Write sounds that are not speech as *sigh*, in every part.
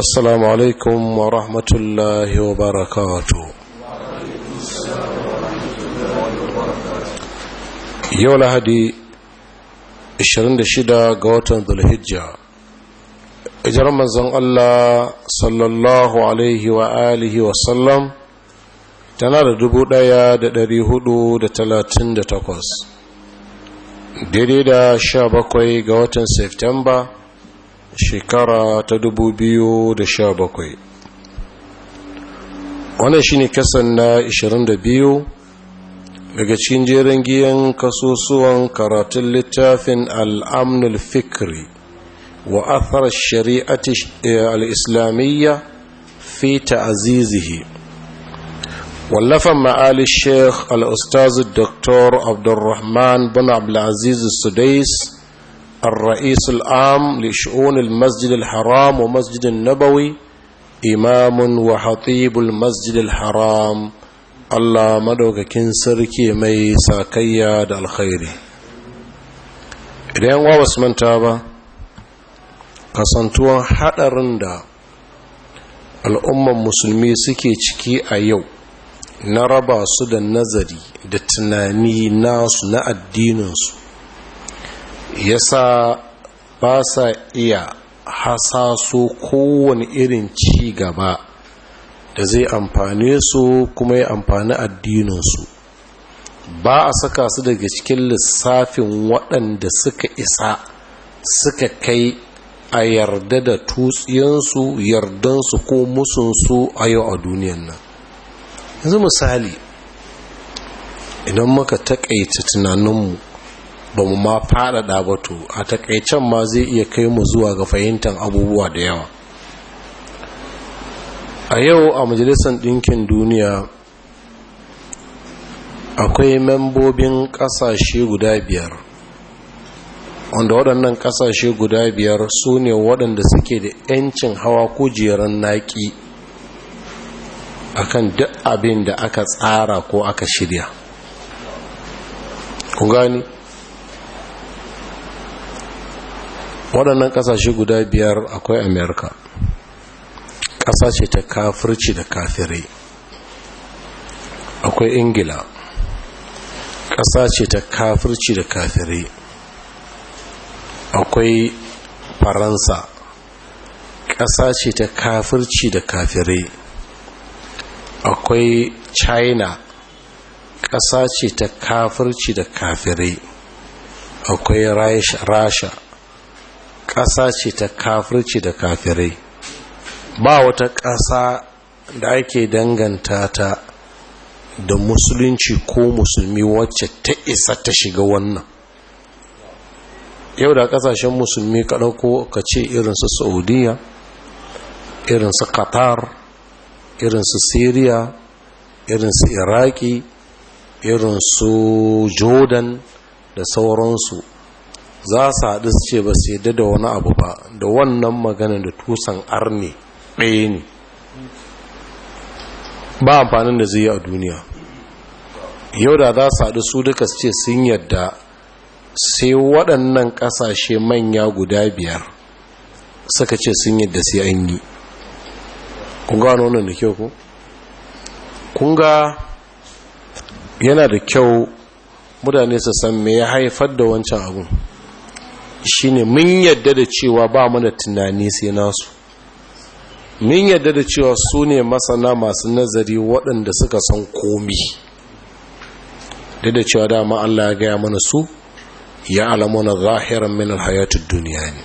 السلام عليكم ورحمة Yau Lahadi, يوم الهدي 26 ga watan Zulhijja ijar manzon Allah sallallahu alaihi wa alihi wa sallam tana da talatin 1438 daidai da sha bakwai ga watan September shekara ta 2017 wannan shine kasan na 22 daga cikin jerin giyan kasusuwan karatun littafin al'amnul fikri wa athar shari'ati eh, Al'islamiyya islamiyya fi ta'azizihi wallafan ma'ali sheikh al’ustazu dr abdulrahman bin abdulaziz sudais الرئيس العام لشؤون المسجد الحرام ومسجد النبوي إمام وحطيب المسجد الحرام الله مدوككين سركي مي ساكيا دا الخير إذن واوس من تابا kasantuwan haɗarin da al'umman musulmi suke ciki a yau na raba su da nazari da tunani nasu na addininsu yasa ba sa iya hasaso kowane irin ci gaba da zai amfane su kuma ya amfani addininsu ba a saka su daga cikin lissafin waɗanda suka isa suka kai a yarda da tutsiyansu yardansu ko musunsu a yau a duniyan nan yanzu misali idan muka taƙaita tunaninmu ba mu ma faɗaɗa ba to a takaicen ma zai iya kai mu zuwa ga fahimtar abubuwa da yawa a yau a majalisar ɗinkin duniya akwai membobin ƙasashe guda biyar wanda waɗannan ƙasashe guda biyar su ne waɗanda suke da 'yancin hawa kujerar naƙi akan duk abin da aka tsara ko aka shirya ku gani waɗannan ƙasashe guda biyar akwai amerika ƙasa ce ta kafirci da kafirai akwai ingila ƙasa ta kafirci da kafirai akwai faransa ƙasa ta kafirci da kafirai akwai china ƙasa ce ta kafirci da kafirai akwai rasha ƙasa ce ta kafirci da kafirai ba wata ƙasa da ake danganta ta da musulunci ko musulmi wacce ta isa ta shiga wannan yau da ƙasashen musulmi ka ɗauko ka ce irinsu saudiya irinsu qatar irinsu syria irinsu iraki irinsu jordan da sauransu za su haɗu su ce ba su yadda da wani abu ba da wannan magana da tusan arne ɗaya ne ba amfanin da zai yi a duniya yau da za su haɗu su duka su ce sun yadda sai waɗannan ƙasashe manya guda biyar suka ce sun yadda sai an yi kun ga wani da kyau ku? kun ga yana da kyau mutane su san me ya haifar da wancan abun ne mun yadda da cewa ba mana tunani sai nasu mun yadda da cewa su ne masana masu nazari waɗanda suka san komi da da cewa dama Allah ya gaya mana su ya alamuna zahiran minar hayatun duniya ne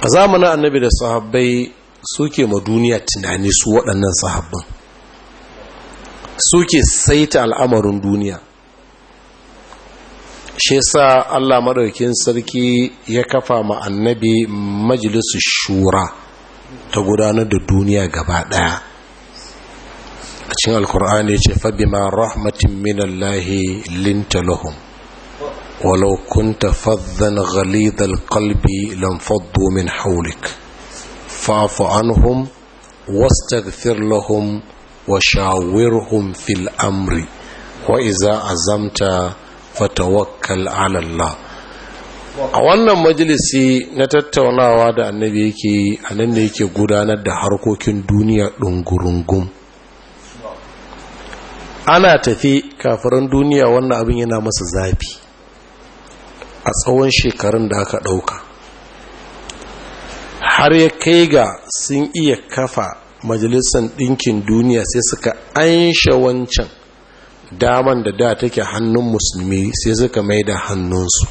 a zamanin annabi da sahabbai suke ma duniya tunani su waɗannan sahabban suke saita al'amarin duniya shi sa Allah maɗaukin sarki ya kafa ma annabi majalisu shura ta gudanar da duniya gaba ɗaya a cikin alkur'ani ce fabima rahmatin minallahi linta lahum walau kunta faddan ghalidhal qalbi lam faddu min hawlik fa'fu anhum wastaghfir lahum wa shawirhum fil amri wa iza azamta fatawakkal ala Allah a wannan majalisi na tattaunawa da annabi yake yi a nan ne yake gudanar da harkokin duniya ɗungurungun ana tafi kafirin duniya wannan abin yana masa zafi a tsawon shekarun da aka ɗauka har ya kai ga sun iya kafa majalisar ɗinkin duniya sai suka ansha wancan daman da da take hannun musulmi sai suka mai da hannunsu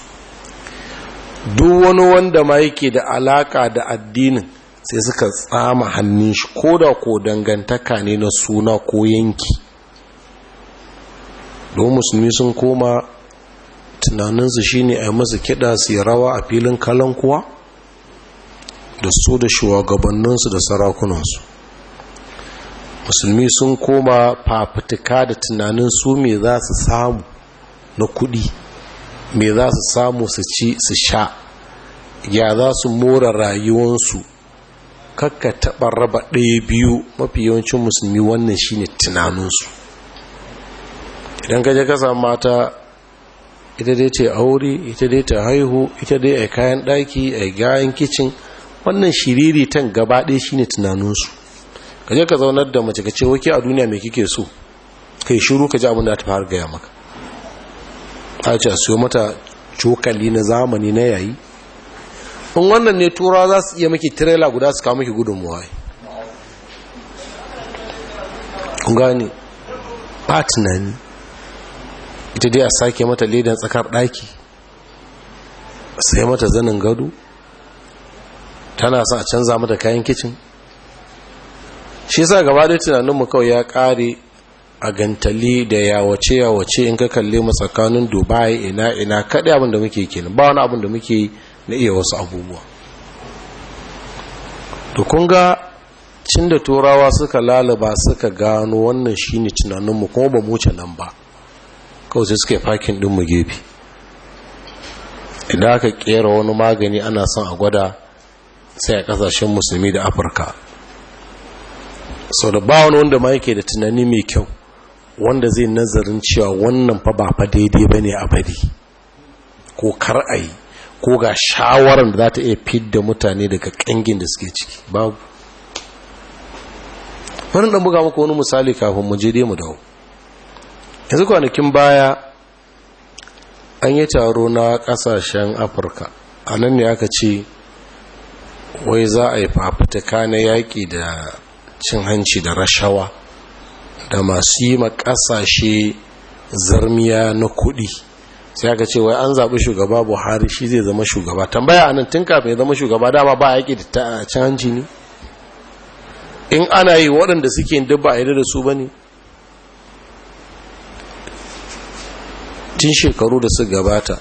duk wani wanda ma yake da alaka da addinin sai suka tsama hannun shi ko da ko dangantaka ne na suna ko yanki don musulmi sun koma tunaninsu shine a yi masu kiɗa su yi rawa a filin kalankuwa da su da shugabanninsu da sarakunansu musulmi sun koma fafutuka da tunanin su me za su samu na kudi me za su samu su ci su sha ya za su mora rayuwansu kakka taɓa raba ɗaya biyu mafi yawancin musulmi wannan shine tunaninsu idan ka je kasa mata ita dai ce aure ita dai ta haihu ita dai a kayan ɗaki a gayan kicin wannan shiriri tan gaba ɗaya shine tunaninsu ka je ka zaunar da mace ka ce wake a duniya mai kike so Ka yi shiru ka ji abin da ta fara gaya maka ta ce a siyo mata cokali na zamani na yayi in wannan ne tura za su iya maki tirela guda su kawo maki gudunmuwa gani ba ita dai a sake mata ledan tsakar daki sai mata zanin gado tana sa a canza mata kayan kicin shi sa gaba da tunaninmu kawai ya kare a gantali da yawace yawace in ka kalli mu tsakanin dubai ina ina kaɗai abin da muke kenan ba wani abin da muke na iya wasu abubuwa to kun ga cin da turawa suka lalaba suka gano wannan shine tunaninmu kuma ba mu nan ba kawai sai suke fakin mu gefe idan aka kera wani magani ana son a gwada sai a kasashen musulmi da afirka sau da ba wani wanda ma yake da tunani mai kyau wanda zai nazarin cewa wannan fa ba fa daidai ba ne a bari ko kar a yi ko ga shawarar da za ta iya fidda mutane daga ƙangin da suke ciki babu wani ɗan buga maka wani misali kafin mu je mu dawo yanzu kwanakin baya an yi taro na ƙasashen afirka a nan ne aka ce wai za a yi fafutuka na yaƙi da cin hanci da rashawa da masu yi makasashe zarmiya na kudi sai aka ce wai an zaɓi shugaba buhari shi zai zama shugaba tambaya anan tun kafin ya zama shugaba dama ba yake da cin hanci ne in ana yi waɗanda suke duk dubba a da su ba ne tun shekaru da su gabata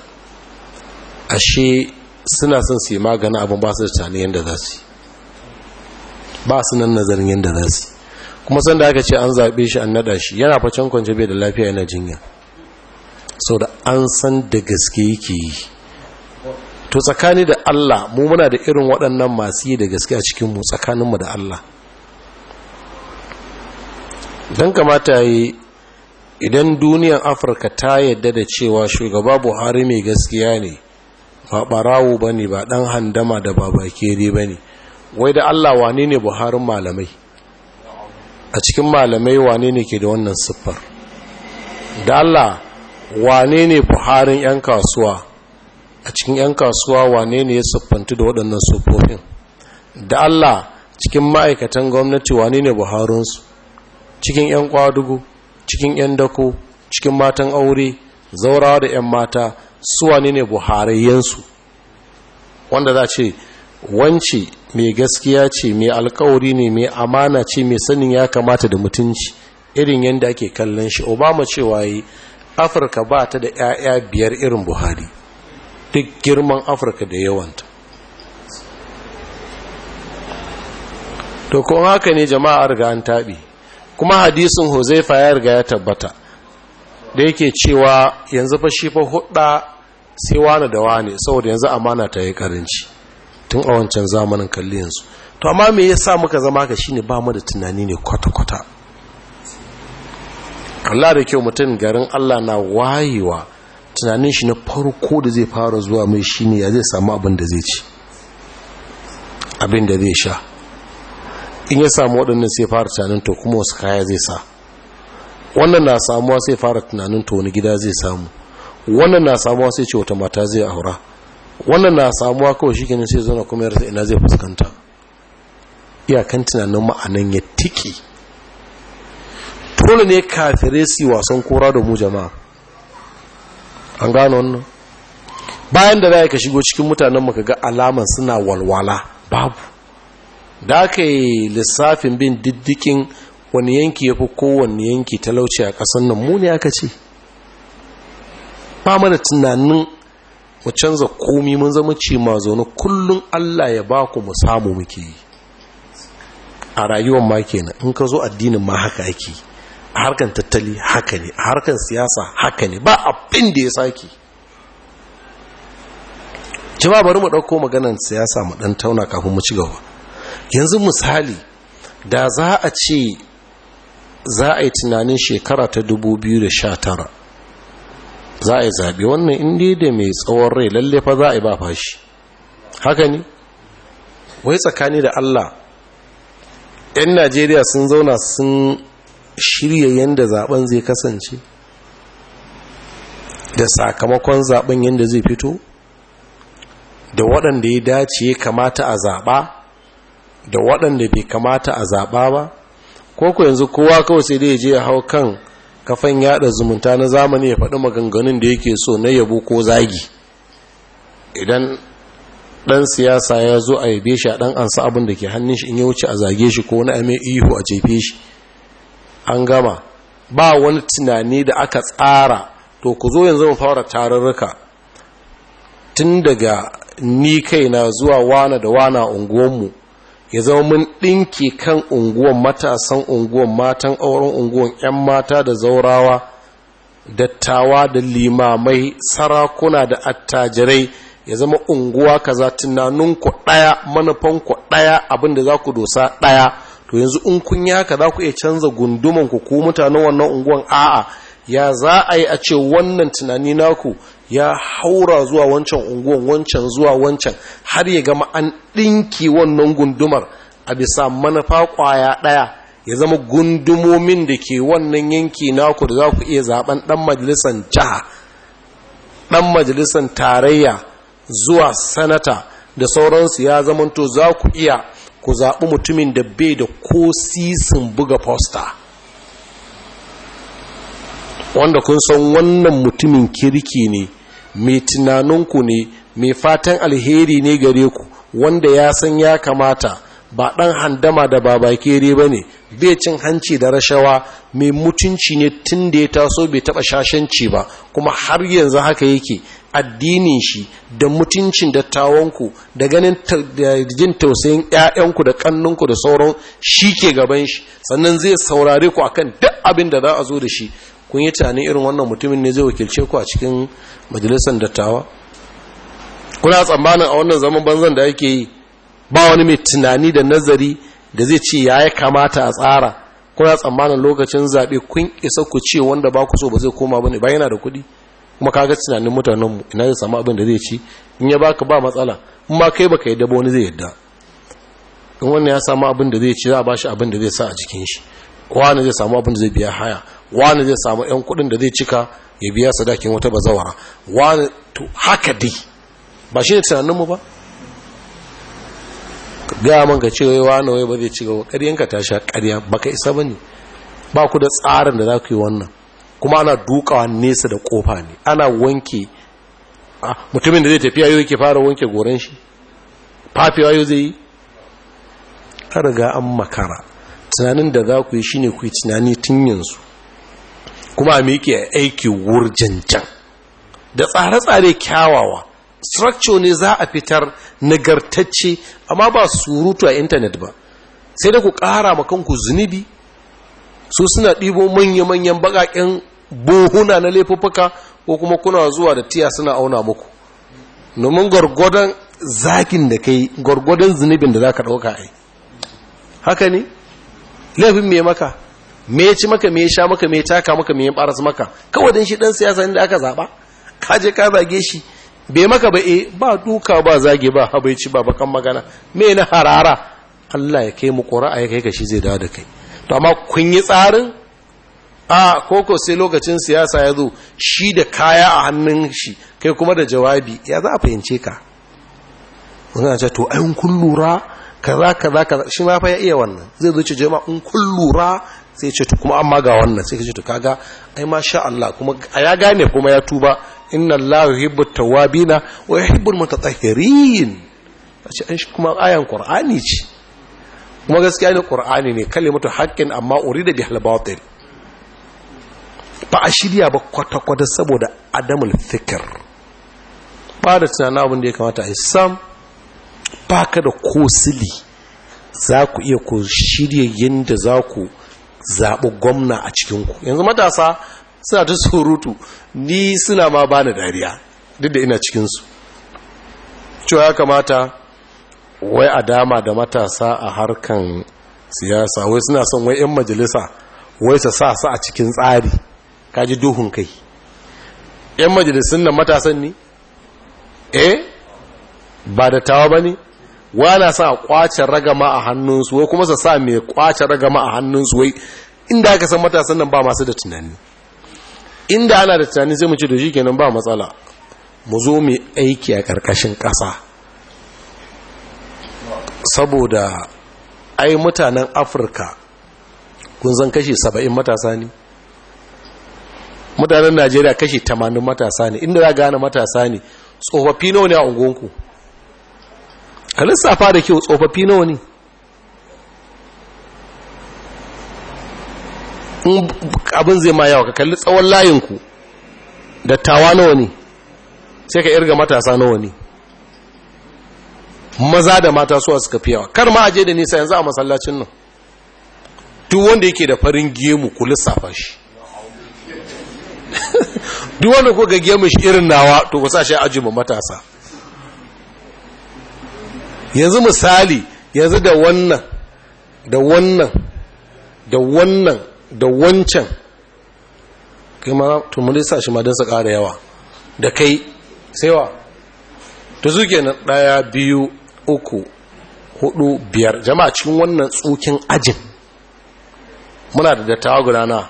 ashe suna son su yi magana abin ba su da tani yadda za su yi ba su nan nazarin yadda za su kuma sanda aka ce an zaɓe shi an naɗa shi yana facen kwance bai da lafiya yana jinya sau da an san da gaske yake yi to tsakani da Allah mu muna da irin waɗannan masu yi da gaske a cikinmu tsakaninmu da Allah don kamata yi idan duniyan afirka ta yadda da cewa shugaba buhari mai gaskiya ne ba ɓarawo ba ne ba ɗan handama da ba bakere ba ne wai da Allah wane ne buharin malamai a cikin malamai wane ne ke da wannan siffar da Allah wane ne buharin 'yan kasuwa a cikin 'yan kasuwa wane ne ya siffantu da waɗannan siffofin da Allah cikin ma'aikatan gwamnati wane ne buharinsu cikin 'yan kwadugu cikin 'yan dako cikin matan aure zaurawa da 'yan mata su wane ne buharayensu wanda za ce wance mai gaskiya ce mai alkawari ne mai amana ce mai sanin ya kamata da mutunci irin yadda ake kallon shi obama cewa yi afirka ba ta da 'ya'ya biyar irin buhari duk girman afirka da yawanta to kuma haka ne jama'a riga an taɓi kuma hadisin huzaifa ya riga ya tabbata da yake cewa yanzu fa shi fa hudda sai wani da wani saboda yanzu amana ta yi karanci tun a wancan zamanin kalli yanzu to amma me yasa muka zama ka shine ba mu da tunani ne kwata-kwata Allah da kyau mutum garin Allah na wayewa tunanin shi na farko da zai fara zuwa mai shine ya zai samu abin da zai ci abin da zai sha in ya samu waɗannan sai fara tunanin to kuma wasu kaya zai sa wannan na samuwa sai fara tunanin to wani gida zai samu wannan na samuwa sai ce wata mata zai aura wannan na samuwa kawai shi kenan sai zana kuma yarsa ina zai fuskanta iyakan tunanin ma'anan ya tiki dole ne kafirai su wasan kora da mu jama'a an gano wannan bayan da za ka shigo cikin mutanen maka ga alaman suna walwala babu da aka yi lissafin bin diddikin wani yanki ya fi kowane yanki talauci a ƙasar nan mu ne aka ce ba mana tunanin mu canza komi mun zama ce ma zaune kullum Allah ya ba ku mu samu muke yi a rayuwar ma kenan in ka zo addinin ma haka ake a harkan tattali haka ne a harkar siyasa haka ne ba abin da ya sake jima bari mu ɗauko maganar siyasa mu ɗan tauna kafin mu ci gaba yanzu misali da za a ce za a yi tunanin shekara ta 2019 za a yi zaɓi wannan indi da mai tsawon rai lalle fa za a yi ba fashi haka ne wai tsakani da allah 'yan najeriya sun zauna sun shirya yadda zaɓen zai kasance da sakamakon zaɓen yadda zai fito da waɗanda ya dace ya kamata a zaɓa da waɗanda bai kamata a zaɓa ba ko ku yanzu kowa kawai sai dai je ya hau kan kafan yada zumunta na zamani ya faɗi maganganun da yake so na yabo ko zagi idan ɗan siyasa ya zo a yabe shi a ɗan ansa abin da ke hannun shi in ya wuce a zage shi ko wani ame ihu a jefe shi an gama ba wani tunani da aka tsara to ku zo yanzu mu fara tarurruka tun daga ni kai na zuwa wana da wana unguwanmu ya zama mun ɗinki kan unguwan matasan unguwan matan auren unguwan 'yan mata da zaurawa dattawa da limamai sarakuna da attajirai ya zama unguwa kaza tunaninku ɗaya manufanku ɗaya abinda za ku dosa ɗaya to yanzu in kun yi haka za ku iya canza gundumanku ko mutanen wannan unguwan a'a ya za a yi a ce wannan tunani naku ya haura zuwa wancan unguwan wancan zuwa wancan har ya gama an ɗinki wannan gundumar a bisa manufa kwaya ɗaya ya zama gundumomin da ke wannan yanki naku da za ku iya zaben ɗan majalisan jiha ɗan majalisan tarayya zuwa sanata da sauransu ya zamanto za ku iya ku zaɓi mutumin da bai da ko sisin buga fosta wanda kun san wannan mutumin kirki ne mai tunaninku ne mai fatan alheri ne gare ku wanda ya san ya kamata ba ɗan handama da babakere ba ne bai cin hanci da rashawa mai mutunci ne tun da ya taso bai taɓa shashanci ba kuma har yanzu haka yake addinin shi da mutuncin dattawanku da ganin jin tausayin 'ya'yanku da ƙannunku da sauran shi ke gaban shi sannan zai saurare ku akan duk abin da za a zo da shi kun yi tunanin irin wannan mutumin ne zai wakilce ku a cikin majalisar dattawa kuna tsammanin a wannan zaman banzan da yake yi ba wani mai tunani da nazari da zai ce ya yi kamata a tsara kuna tsammanin lokacin zaɓe kun isa ku ce wanda ba ku so ba zai koma ba ne ba yana da kuɗi kuma kaga tunanin mutanenmu ina zai samu abin da zai ci in ya baka ba matsala in ma kai baka yadda ba wani zai yadda in wannan ya samu abin da zai ci za a bashi abin da zai sa a jikin shi wani zai samu abin da zai biya haya wani zai samu 'yan kudin da zai cika ya biya sadakin wata bazawara wani to haka dai ba shi ne tunaninmu ba gaman ka cewa wani wai ba zai ci gaba ƙaryanka ta sha ƙarya ba isa ba ne ba ku da tsarin da za ku yi wannan kuma ana dukawa nesa da kofa ne ana wanke mutumin da zai tafiya yau ke fara wanke goron shi fafewa yau zai yi ka riga an makara tunanin da za ku yi shine ku yi tunani tun yanzu kuma a miƙe aiki wurjanjan da tsare-tsare kyawawa structure ne za a fitar nagartacce amma ba surutu a intanet ba sai da ku ƙara makonku zunubi su suna ɗibo manya-manyan baƙaƙen buhuna na laifuffuka ko kuma kuna zuwa da tiya suna auna muku domin gwargwadon zakin da kai gwargwadon zunubin da za ka ɗauka ai haka ne laifin me maka me ci maka me ya sha maka me taka maka me ya baras maka kawai dan shi dan siyasa inda aka zaba ka je ka zage shi bai maka ba eh ba duka ba zage ba habaici ba bakan magana me na harara Allah ya kai mu a ya kai ka shi zai dawo da kai to amma kun yi tsarin a koko sai lokacin siyasa ya zo shi da kaya a hannun shi kai kuma da jawabi ya za a fahimce ka wani ce to ayin kun lura kaza kaza kaza shi ma fa ya iya wannan zai zo ce jama'a in kun lura sai ce to kuma amma ga wannan sai ka ce to kaga ai masha Allah kuma ya gane kuma ya tuba inna Allahu yuhibbu tawabina wa yuhibbu mutatahhirin ce an shi kuma ayan qur'ani ce kuma gaskiya ne qur'ani ne kalimatu haqqin amma urida bihal batil ba a shirya ba kwata-kwata saboda adamul fikir ba da tunanin abin da ya kamata a yi sam baka da kosili za ku iya ku shirya yadda za ku zaɓi gwamna a cikinku yanzu matasa suna ta surutu ni suna ma ba na dariya duk da ina cikinsu cewa ya kamata wai a dama da matasa a harkan siyasa wai suna son wai 'yan majalisa wai su sa su a cikin tsari kaji duhun kai 'yan majalisun nan matasan ne eh ba da tawa ba ne wana sa kwace ragama a hannunsu wai kuma sa sa mai kwace ragama a hannunsu wai inda aka san matasan nan ba masu da tunani inda ana da tunani sai mu ce da shi kenan ba matsala mu zo mu aiki a ƙarƙashin ƙasa saboda ai mutanen afirka kun zan kashi saba'in matasa ne mutanen najeriya kashi tamanin matasa ne inda za gane matasa ne tsofaffi nawa ne a unguwanku ka lissafa da kyau tsofaffi nawa ne abin zai ma yawa ka kalli tsawon layinku dattawa nawa ne sai ka irga matasa nawa ne maza da mata su suka fi yawa kar ma aje da nisa yanzu a masallacin nan duk wanda yake da farin gemu ku lissafa shi *laughs* duk wanda ga gemu shi irin nawa to ku sa shi ajima matasa yanzu misali yanzu da wannan da wannan da wannan da wancan kai ma tumuli sa shi ma don su ƙara yawa da kai wa ta zuke na ɗaya biyu uku hudu biyar jama'a cikin wannan tsukin ajin muna da dattawa guda na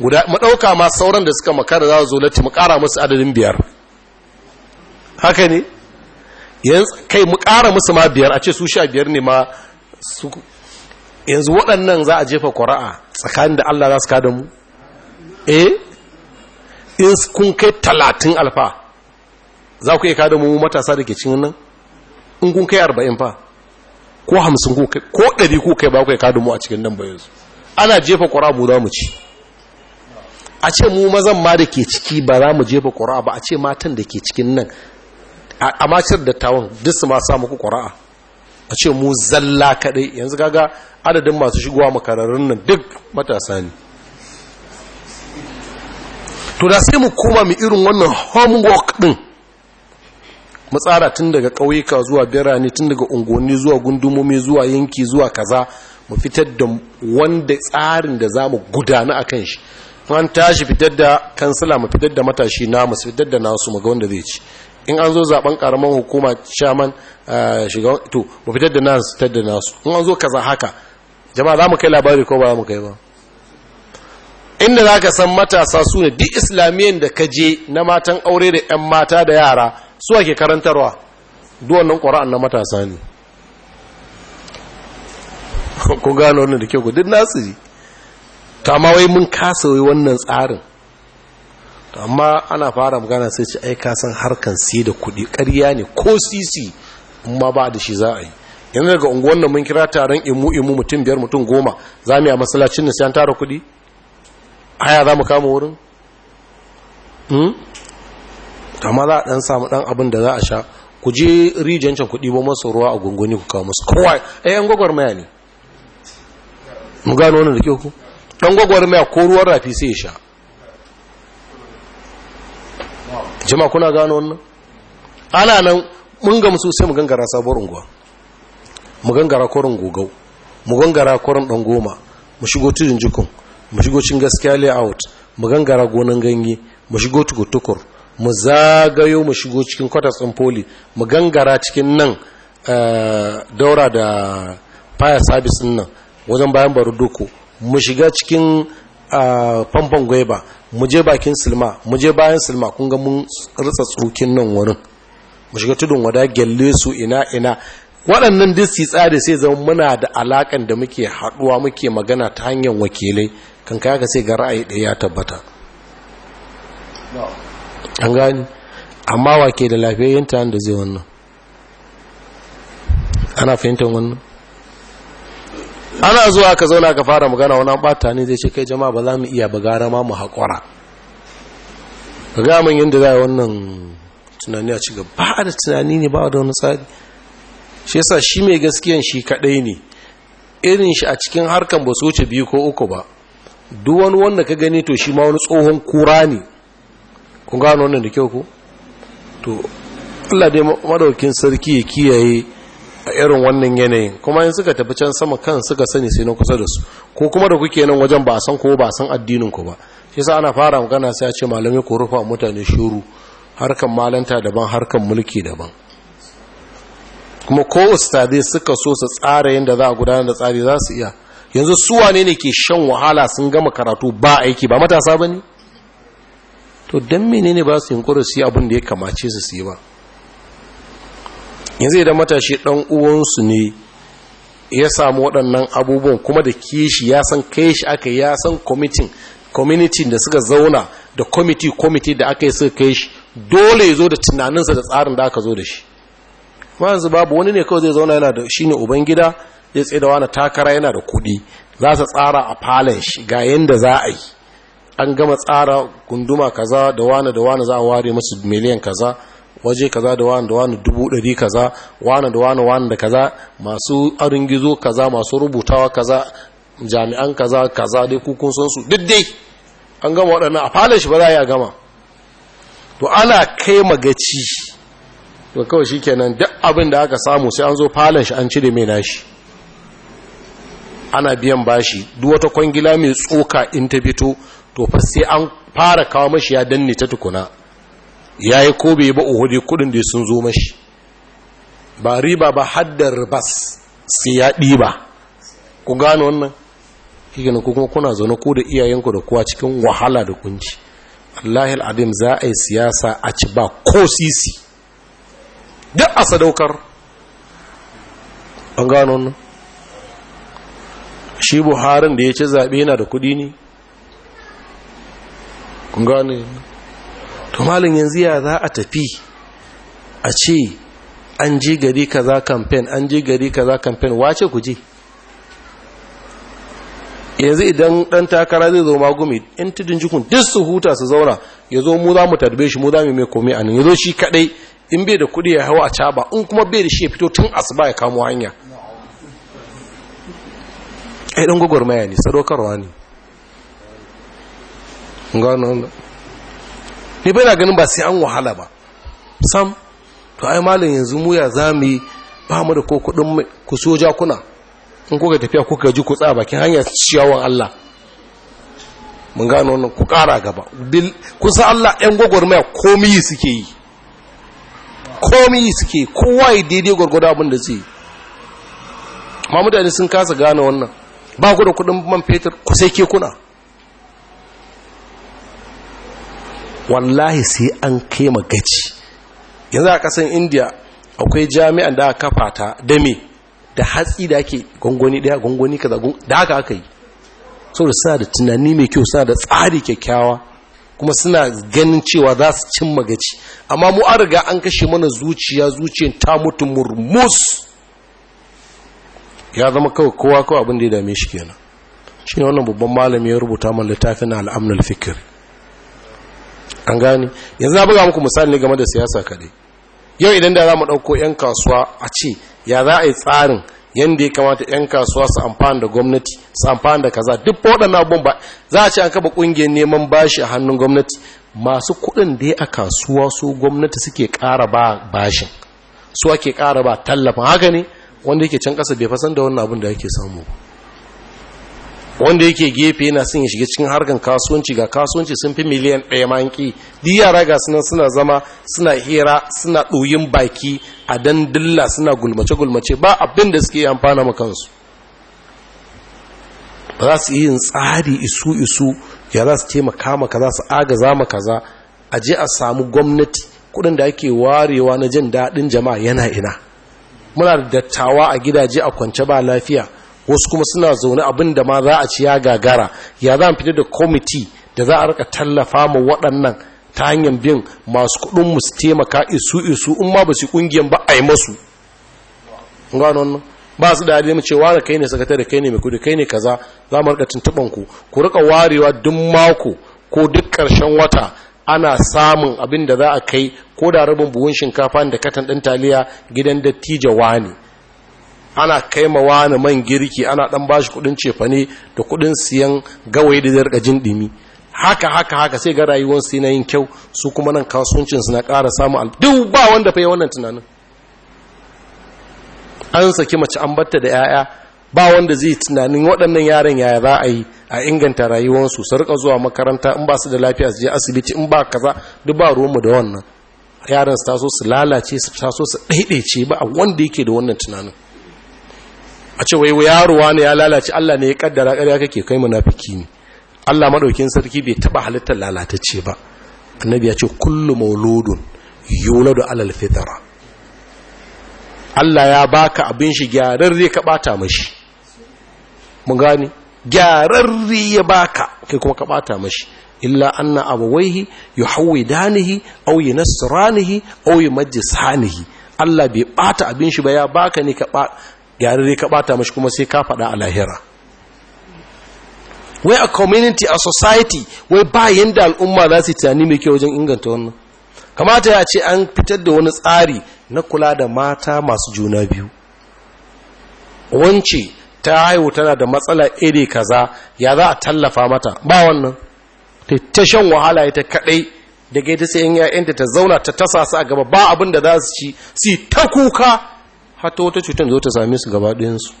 guda maɗauka ma sauran da suka makara za su zo latin mu ƙara musu adadin biyar haka ne yanzu kai mu ƙara musu ma biyar a ce su sha biyar ne ma su yanzu waɗannan za a jefa ƙwara'a tsakanin da Allah za su kada mu eh in kun kai talatin alfa za ku iya kada mu matasa da ke cin nan in kun kai arba'in fa ko hamsin ko ɗari ko kai ba ku iya kada mu a cikin nan bayan su ana jefa ƙwara'a mu za mu ci a ce mu mazan ma da ke ciki ba za mu jefa ƙwara'a ba a ce matan da ke cikin nan a da dattawan duk su ma sa muku ƙura'a a ce mu zalla kaɗai yanzu gaga adadin masu shigowa makararrun nan duk matasa ne to da sai mu koma mu irin wannan homework ɗin matsara tun daga ƙauyuka zuwa birane tun daga unguwanni zuwa gundumomi zuwa yanki zuwa kaza mu fitar da wanda tsarin da za mu gudana a kan shi an tashi fitar da kansila mu fitar da matashi na mu fitar da nasu mu ga wanda zai ci in an zo zaben karaman hukuma chairman eh, shiga to mu fitar da nasu fitar da nasu in an zo kaza haka jama'a za mu kai labari ko ba mu kai ba inda za ka san matasa su ne duk islamiyyar da ka je na matan aure da 'yan mata da yara su ake karantarwa duk wannan ƙwara'an na matasa ne *laughs* ku gano wannan da kyau ku duk nasu ji ta mawai mun kasa wai wannan tsarin to amma ana fara magana sai ce aika ka san harkan sai da kuɗi ƙarya ne ko sisi ma ba da shi za a yi yanzu daga unguwan nan mun kira taron imu imu mutum biyar mutum goma za mu yi a masallacin nan sai an tara kuɗi haya za mu kama wurin hmm? amma za a ɗan samu ɗan abin da za a sha ku je rijiyancin kuɗi ba masu ruwa a gunguni ku kawo masu kowa ɗayan maya ne mu gano wani da ke ku ɗan maya ko ruwan rafi sai ya sha jama'a kuna gano wannan ana nan mun ga musu sai mu gangara sabuwar unguwa mu gangara korin gogau mu gangara korin ɗan goma mu shigo tudun jikun mu shigo cin gaskiya layout mu gangara gonan ganye mu shigo tukutukur mu zagayo mu shigo cikin kwatas ɗin poli mu gangara cikin nan eh, daura da fire service nan wajen bayan baruduku doko mu shiga cikin famfon gwaiba muje bakin silma muje bayan silma kun ga mun ritsa tsokin nan wurin mu shiga tudun wada gyalle su ina ina waɗannan su tsari sai zama muna da alakan da muke haɗuwa muke magana ta hanyar wakilai kan kaya ka sai ga ra'ayi ɗaya ya tabbata an gani amma wake da lafiyayyen ta da zai wannan ana fahimtar wannan ana zuwa ka zauna ka fara magana wani bata ne zai ce kai jama'a ba za mu iya ba gara ma mu haƙura ga gamin yadda za a wannan tunani a cigaba ba da tunani ne ba da wani tsari shi yasa shi mai gaskiyan shi kaɗai ne irin shi a cikin harkan ba su wuce biyu ko uku ba duk wani wanda ka gani to shi ma wani tsohon kura ne kun gano wannan da kyau ko to Allah dai madaukin sarki ya kiyaye a irin wannan yanayin kuma in suka tafi can sama kan suka sani sai na kusa da su ko kuma da kuke nan wajen ba san ko ba san addinin ku ba shi sa ana fara magana sai a ce malamai ku rufa mutane shuru harkan malanta daban harkan mulki daban kuma ko ustadai suka so su tsara yadda za a gudanar da tsari za su iya yanzu su wane ne ke shan wahala sun gama karatu ba aiki ba matasa ba ne to don menene ba su yi abin da ya kamace su su yi ba yanzu idan matashi ɗan uwansu ne ya samu waɗannan abubuwan kuma da kishi ya san kai shi aka ya san kwamitin community da suka zauna da kwamiti kwamiti da aka yi suka kai shi dole ya zo da tunaninsa da tsarin da aka zo da shi ma yanzu babu wani ne kawai zai zauna yana da shi ne ubangida zai tsaye da wani takara yana da kuɗi za su tsara a falon shi ga yadda za a yi an gama tsara gunduma kaza da wani da wani za a ware musu miliyan kaza waje kaza da wani da wani dubu ɗari kaza wani da wani wani da kaza masu arin gizo kaza masu rubutawa kaza jami'an kaza kaza dai kukun sun su duk dai an gama waɗannan a falon shi ba za a yi a gama to ana kai magaci to kawai shi kenan duk abin da aka samu sai an zo falon shi an cire mai nashi ana biyan bashi duk wata kwangila mai tsoka in ta fito to fa sai an fara kawo mashi ya danne ta tukuna ya yi ko bai ba uhudi kudin da sun zo mashi ba riba ba haddar bas sai ya ɗiba ku gano wannan hikina ku kuma kuna zaune ku da iyayenku da kuwa cikin wahala da kunci Allah adim za a yi siyasa a ci ba ko sisi duk a sadaukar an gano wannan shi buharin da ya ci zaɓe yana da kudi ne kun gano to malin yanzu ya za a tafi a ce an je gari kaza campaign an je gari kaza campaign wace ku je yanzu idan dan takara zai zo magumi in tudun jikun duk su huta su zauna ya zo mu za mu tarbe shi mu za mu mai komai a nan ya zo shi kadai in bai da kudi ya hawa a caba in kuma bai da shi ya fito tun asuba ya kamo hanya ai dan maya ne sadaukarwa ne gano ni bai na ganin ba sai an wahala ba sam to ai malin yanzu mu ya za yi ba mu da ko kudin ku soja kuna in kuka tafiya kuka ji ku tsaya bakin hanya ciyawan Allah mun gano wannan ku ƙara gaba kusa Allah ‘yan gwagwarmaya komi suke yi komi suke kowa ya daidai gurgurda abin da zai ma mutane sun kasa gane wannan ba ku da kuɗin man fetur ku sai ke kuna wallahi sai an kai gaci yanzu a kasan India akwai jami'an da aka kafa ta da me da hatsi da ake gongoni daya gongoni kaza da haka aka yi da suna da tunani mai kyau suna da tsari kyakkyawa kuma suna ganin cewa za su cin magaci amma mu an riga an kashe mana zuciya zuciyar ta mutu murmus ya zama kawai kowa kawai abin da ya dame shi kenan shi wannan babban malami ya rubuta man littafin al'amnul fikir an gane yanzu na buga muku misali ne game da siyasa kaɗai yau idan da za mu ɗauko 'yan kasuwa a ce ya za a yi tsarin yadda ya kamata 'yan kasuwa su amfani da gwamnati su amfani da kaza duk waɗannan abubuwan ba za a ce an kaba ƙungiyar neman bashi a hannun gwamnati masu kuɗin da a kasuwa su gwamnati suke ƙara ba bashin su ake ƙara ba tallafin haka ne wanda yake can ƙasa bai fasan da wannan abin da yake samu ba wanda yake gefe yana sun ya shiga cikin harkan kasuwanci ga kasuwanci sun fi miliyan ɗaya manki duk yara ga sunan suna zama suna hira suna ɗoyin baki a dandilla suna gulmace-gulmace ba abin da suke amfana ma kansu ba za su yi yin tsari isu isu ya za su taimaka ma kaza su agaza ma kaza a je a samu gwamnati kuɗin da ake warewa na jin daɗin jama'a yana ina muna da dattawa a gidaje a kwance ba lafiya wasu kuma suna zaune abin da ma za a ci ya gagara ya za fitar da kwamiti da za a rika tallafa ma waɗannan ta hanyar bin masu kuɗin su taimaka isu isu in ma ba su ƙungiyar ba a yi masu ba su da mu cewa da kai ne sakatare kai ne mai kudi kai ne kaza za mu rika tuntuban ku ku rika warewa duk mako ko duk ƙarshen wata ana samun abin da za a kai ko da rabin buhun shinkafa da katan ɗan taliya gidan dattijawa ne ana kaima wani man girki ana dan bashi kudin cefane da kudin siyan gawayi da zarga jin dimi haka haka haka sai ga rayuwar su na yin kyau su kuma nan kasuwancin su na ƙara samu duk ba wanda fa wannan tunanin an saki mace an batta da yaya ba wanda zai tunanin waɗannan yaran yaya za a yi a inganta rayuwarsu su rika zuwa makaranta in ba su da lafiya su je asibiti in ba kaza duk ba ruwanmu da wannan yaran su taso su lalace su taso su ɗaiɗaice ba a wanda yake da wannan tunanin a ce wai yaruwa ne ya lalace Allah ne ya kaddara ƙarya kake kai munafiki ne Allah madaukin sarki bai taba halittar lalatacce ba annabi ya ce kullu mauludun yuladu alal fitra Allah ya baka abin shi zai ka bata mashi mun gani gyaran ya baka kai kuma ka bata mashi illa anna abawaihi yuhawidanihi aw yunasranihi aw yumajjisanihi Allah bai bata abin shi ba ya baka ne ka gyararre ka bata mashi kuma sai ka faɗa a lahira wai a community a society wai ba yadda al'umma za su tunani mai kyau wajen inganta wannan kamata ya ce an fitar da wani tsari na kula da mata masu juna biyu wance ta haihu tana da matsala iri kaza ya za a tallafa mata ba wannan ta shan wahala ita kadai daga ita sai 'ya'yanta ta zauna ta tasa su a gaba ba abin da za su ci su ta kuka hatta wata cutar zo ta same su gaba ɗayansu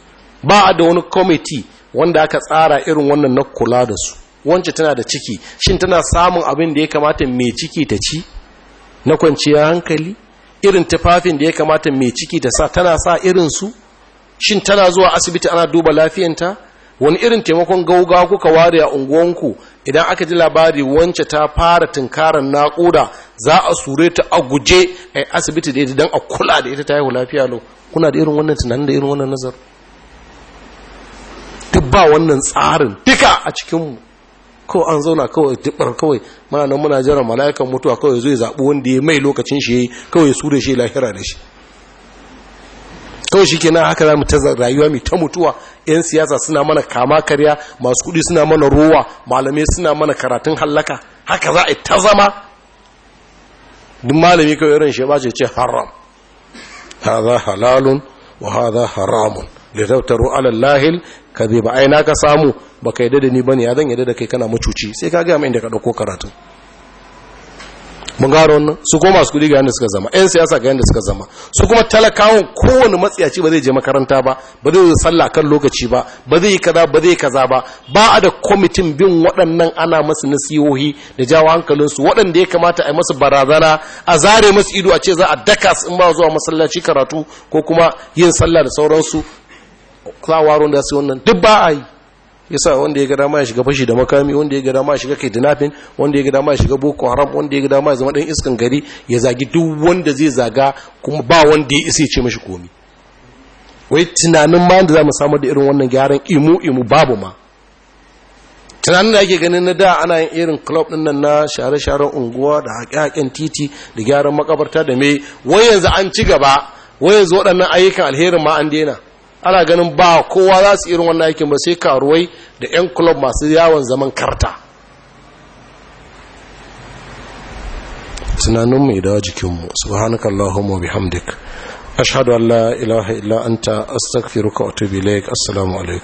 ba a da wani kwamiti wanda aka tsara irin wannan na kula da su Wancan tana da ciki shin tana samun abin da ya kamata mai ciki ta ci na kwanciyar hankali irin tufafin da ya kamata mai ciki ta sa tana sa irinsu? su shin tana zuwa asibiti ana duba lafiyanta wani irin taimakon gauga kuka ware a unguwanku idan aka ji labari wance ta fara tunkarar naƙuda za a sure ta a guje a asibiti da ita don a kula da ita ta haihu lafiya lo kuna da irin wannan tunanin da irin wannan nazar duk ba wannan tsarin duka a cikinmu kawai an zauna kawai dubbar kawai mana nan muna jiran mala'ikan mutuwa kawai zai zaɓi wanda ya mai lokacin shi yayi kawai su da shi lahira da shi kawai shi kenan haka za mu ta rayuwa mai ta mutuwa 'yan siyasa suna mana kama karya masu kudi suna mana rowa malamai suna mana karatun hallaka haka za a ta zama duk malami kawai irin shi ba ce ce haram haza halalun wa haza haramun da tautaro alallahil ka zai ba aina ka samu ba ka yadda da ni ba ne ya zan yadda da kai kana macuci sai ka gaya mai inda ka ɗauko karatun mun gano wannan su koma masu kudi ga yanda suka zama yan siyasa ga yanda suka zama su kuma talakawan kowane matsiyaci ba zai je makaranta ba ba zai sallah kan lokaci ba ba zai kaza ba zai kaza ba ba a da kwamitin bin waɗannan ana masu nasihohi da jawo hankalinsu waɗanda ya kamata a yi masu barazana a zare masu ido a ce za a daka su in ba zuwa masallaci karatu ko kuma yin sallah da sauransu za a waro da su wannan duk ba a yi yasa wanda ya ga dama ya shiga fashi da makami wanda ya ga dama ya shiga nafin wanda ya ga dama ya shiga boko haram wanda ya ga dama ya zama dan iskan gari ya zagi duk wanda zai zaga kuma ba wanda ya isa ya ce mashi komi wai tunanin ma da zamu samar da irin wannan gyaran imu imu babu ma tunanin da ake ganin na da ana yin irin club din nan na share-sharen unguwa da haƙe haken titi da gyaran makabarta da me wai yanzu an ci gaba wai yanzu waɗannan ayyukan alherin ma an daina ana ganin ba kowa za su irin wannan aikin ba sai karuwai da 'yan kulob masu yawon zaman karta mai da jikinmu subhanakallahumma bihamdik hamdik ashadu la ilaha illa anta astaghfiruka wa atubu assalamu alaikum